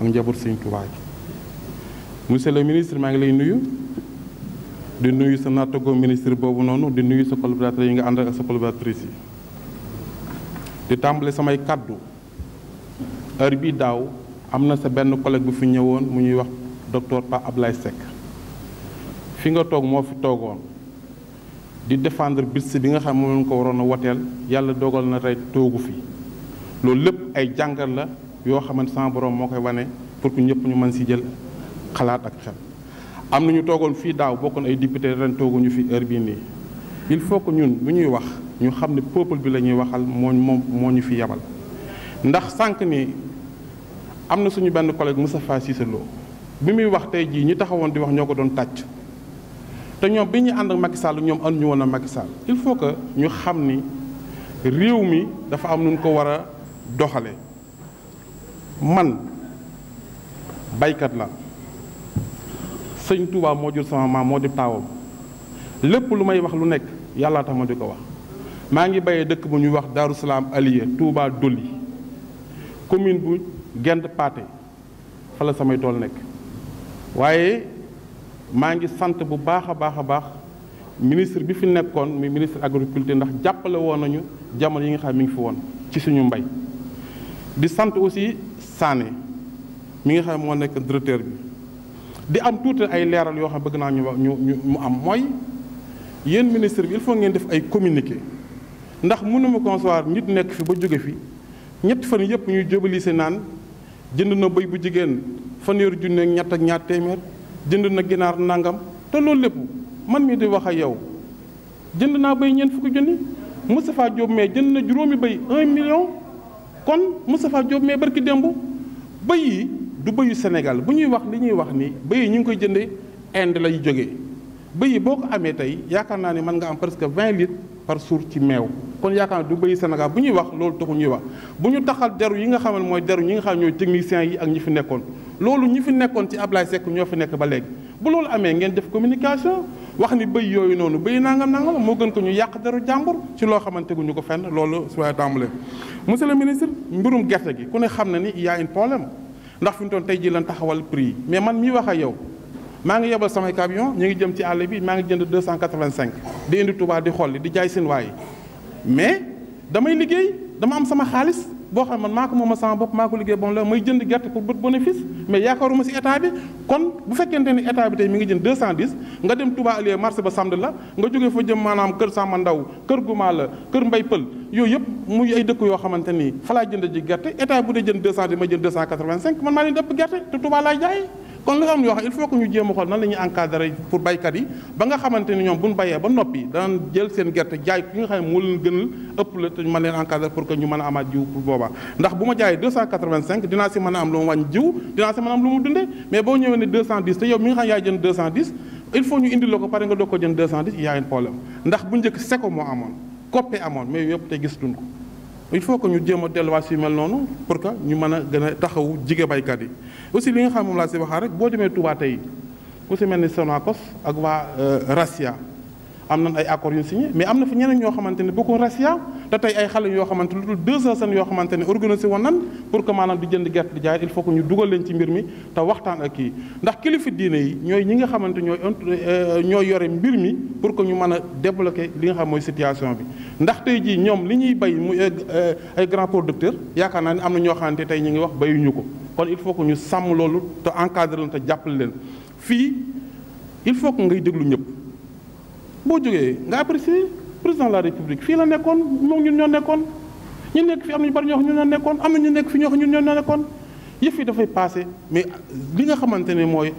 ak njaboot sëñ Tuubaa gi monsieur le ministre maa ngi lay nuyu di nuyu sa nattagoo ministre boobu noonu di nuyu sa collaborateur yi nga ànd ak sa collaboratrice yi di tàmbali samay kàddu heure bi daaw am na sa benn collègue bu fi ñëwoon mu ñuy wax docteur Pa Ablaye Seck fi nga toog moo fi toogoon di défendre bis bi nga xam moom ko waroon a woteel yàlla dogal na tey toogu fi loolu lépp ay jàngal la yoo xamante sama boroom moo koy wane pour que ñëpp ñu mën si jël xalaat ak xel am na ñu toogoon fii daaw bokkoon ay député ren tooguñu fi heure bii nii il faut que ñun bu ñuy wax ñu xam ne peuple bi la ñuy waxal moo moom moo ñu fi yabal ndax sànq ni am na suñu benn collègue Moustapha Cissé Lo bi muy wax tey jii ñi taxawoon di wax ñoo ko doon tàcc te ñoom bi ñu ànd ak Macky ñoom ànduñu woon ak Macky Sall il faut que ñu xam ni réew mi dafa am nu ko war a doxalee. man baykat la sëñ Touba moo jur sama maam moo di taawam lépp lu may wax lu nekk yàllaa tax ma di ko wax maa ngi bayee dëkk bu ñuy wax Darou Salaam Aliye Touba Doli commune bu Gent Paate fa samay tool nekk waaye maa ngi sant bu baax a baax a baax ministre bi fi nekkoon muy ministre agriculture ndax jàppale woon nañu jamono yi nga xam mi ngi fi woon ci suñu mbay di sant aussi Sané mi nga xam ne moo nekk directeur bi di am tuuti ay leeral yoo xam bëgg naa ñu ñu mu am mooy yéen ministre bi il faut ngeen def ay communiqué ndax mënuma concevoir nit nekk fi ba jóge fi ñetti fan yëpp ñuy jëbalise naan jënd na béy bu jigéen fanweeri junne ak ñett ak ñaar téeméer jënd na ginaar nangam te loolu lépp man mii di wax ak yow jënd naa béy ñeent fukki junni Moustapha Diop mais jënd na juróomi béy un kon Moustapha Diop mais barki démb bëy yi du bëyu Sénégal bu ñuy wax li ñuy wax ni bëy yi ñu ngi koy jëndee Inde lay jógee bëy yi boo ko amee tey yaakaar naa ne mën nga am presque vingt litres par jour ci meew kon yaakaar naa du bëyu Sénégal bu ñuy wax loolu taxu ñuy wax bu ñu taxal deru yi nga xam mooy deru ñi nga xam ne ñooy techniciens yi ak ñi fi nekkoon loolu ñi fi nekkoon ci Ablaye Seck ñoo fi nekk ba léegi bu loolu amee ngeen def communication wax ni bëy yooyu noonu bëy nangam nangam moo gën ko ñu yàq deru jàmbur ci loo xamante guñu ko fenn loolu su waaye monsieur le ministre mbirum gerte gi ku ne xam na ni y a un problème ndax fi mu toon tey jii lan taxawal prix yi mais man mii wax ak yow maa ngi yebal samay camion ñu ngi jëm ci àll bi maa ngi jënd 285 di indi Touba di xolli di jaay seen mais damay liggéey dama am sama xaalis boo xam man maa ko moom sama bopp maa ko liggéey bon la may jënd gerte pour bët bénéfice mais yaakaaruma si état bi kon bu fekkente ni état bi tey mi ngi jënd 210 nga dem Touba Alieu marché ba samedi la nga jógee fa jëm maanaam kër Samba Ndaw kër Gouma la kër Mbay Pël yooyu yëpp mu ay dëkk yoo xamante ni fa laa jënd ji gerte état bu dee jënd 210 ma jënd 285 man maa leen dëpp gerte te Touba laay jaay kon dafa am yoo xam il faut que ñu jéem a xool nan la ñuy encadrer pour baykat yi ba nga xamante ni ñoom bu ñu bayee ba noppi danañ jël seen gerte jaay ki nga xam ne moo gënal ëpp la te ñu mën leen encadrer pour que ñu a amaat jiw pour boobaa ndax a am lu mu wàññi jiw dinaa si mën a am lu mu dundee mais boo ñëwee ne 210 te yow mi nga xam ne yaay jënd il faut ñu indi ko pare nga doog ko jënd 210 y a un problème ndax bu njëkk seko moo amoon koppee amoon mais yëpp te gis duñ ko il faut que ñu jéem a delluwaat si mel noonu pour que ñu mën a gën a taxawu jige baykat yi aussi li nga xam moom laa si waxaa rek boo demee Touba tey ku si mel ni Sonacos ak waa euh, Racia am nañ ay accords yu ñu signé mais am na fi ñeneen ñoo xamante ne bokkul Racia te tey ay xale yoo xamante lu dul deux cent yoo xamante ne organisé woon nan pour que maanaam di jënd gerte di jaay il faut que ñu dugal leen ci mbir mi te waxtaan ak kii ndax kilifa diine yi ñooy ñi nga xamante ñooy euh, ñooy yore mbir mi pour que ñu mën a débloquer li nga xam mooy situation bi ndax tey jii ñoom li ñuy bay mu euh, euh, ay grand producteur yaakaar naa ni am na ñoo xamante tey ñu ngi wax bayuñu ko kon il faut que ñu sàmm loolu te encadré leen te jàppale leen fii il faut que ngay déglu ñëpp jógee nga président de la république fii la nekkoon moom ñun ñoo nekkoon ñu nekk fi am nañu bari ñoo xam ñun ñoo nekkoon am ñu nekk fi ñoo xam ñun ñoo nekkoon yëf yi dafay passé mais li nga xamante ne mooy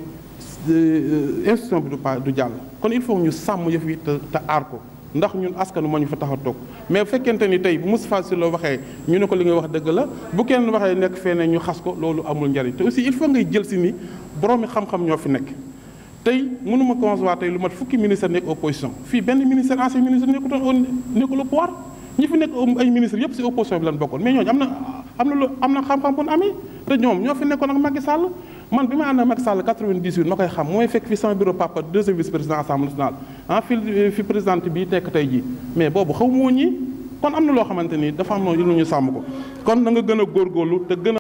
euh, institution bi du pa du jàll kon il faut ñu sàmm yëf yi te aar ko ndax ñun askanu moo ñu fa tax a toog mais bu fekkente ni tey bu Moustapha loo waxee ñu ne ko li ngay wax dëgg la bu kenn waxee nekk fee ne ñu xas ko loolu amul njariñ te aussi il faut ngay jël si ni boroomi xam-xam ñoo fi nekk tey mënuma concevoir tey lu mat fukki ministère nekk opposition fii benn ministère ancien ministre nekkutoon nekkul au pouvoir ñi fi nekk ay ministre yëpp si opposition bi lan bokkoon mais ñooñu am na am na lu am na xam-xam bu amee te ñoom ñoo fi nekkoon ak Macky Sall man bi ma ànd ak Macky Sall 98 ma koy xam mooy fekk fi sama bureau papa deuxième vice président assemblée nationale ah fi fi présidente bi nekk tey jii mais boobu xaw moo ñi kon am na loo xamante ni dafa am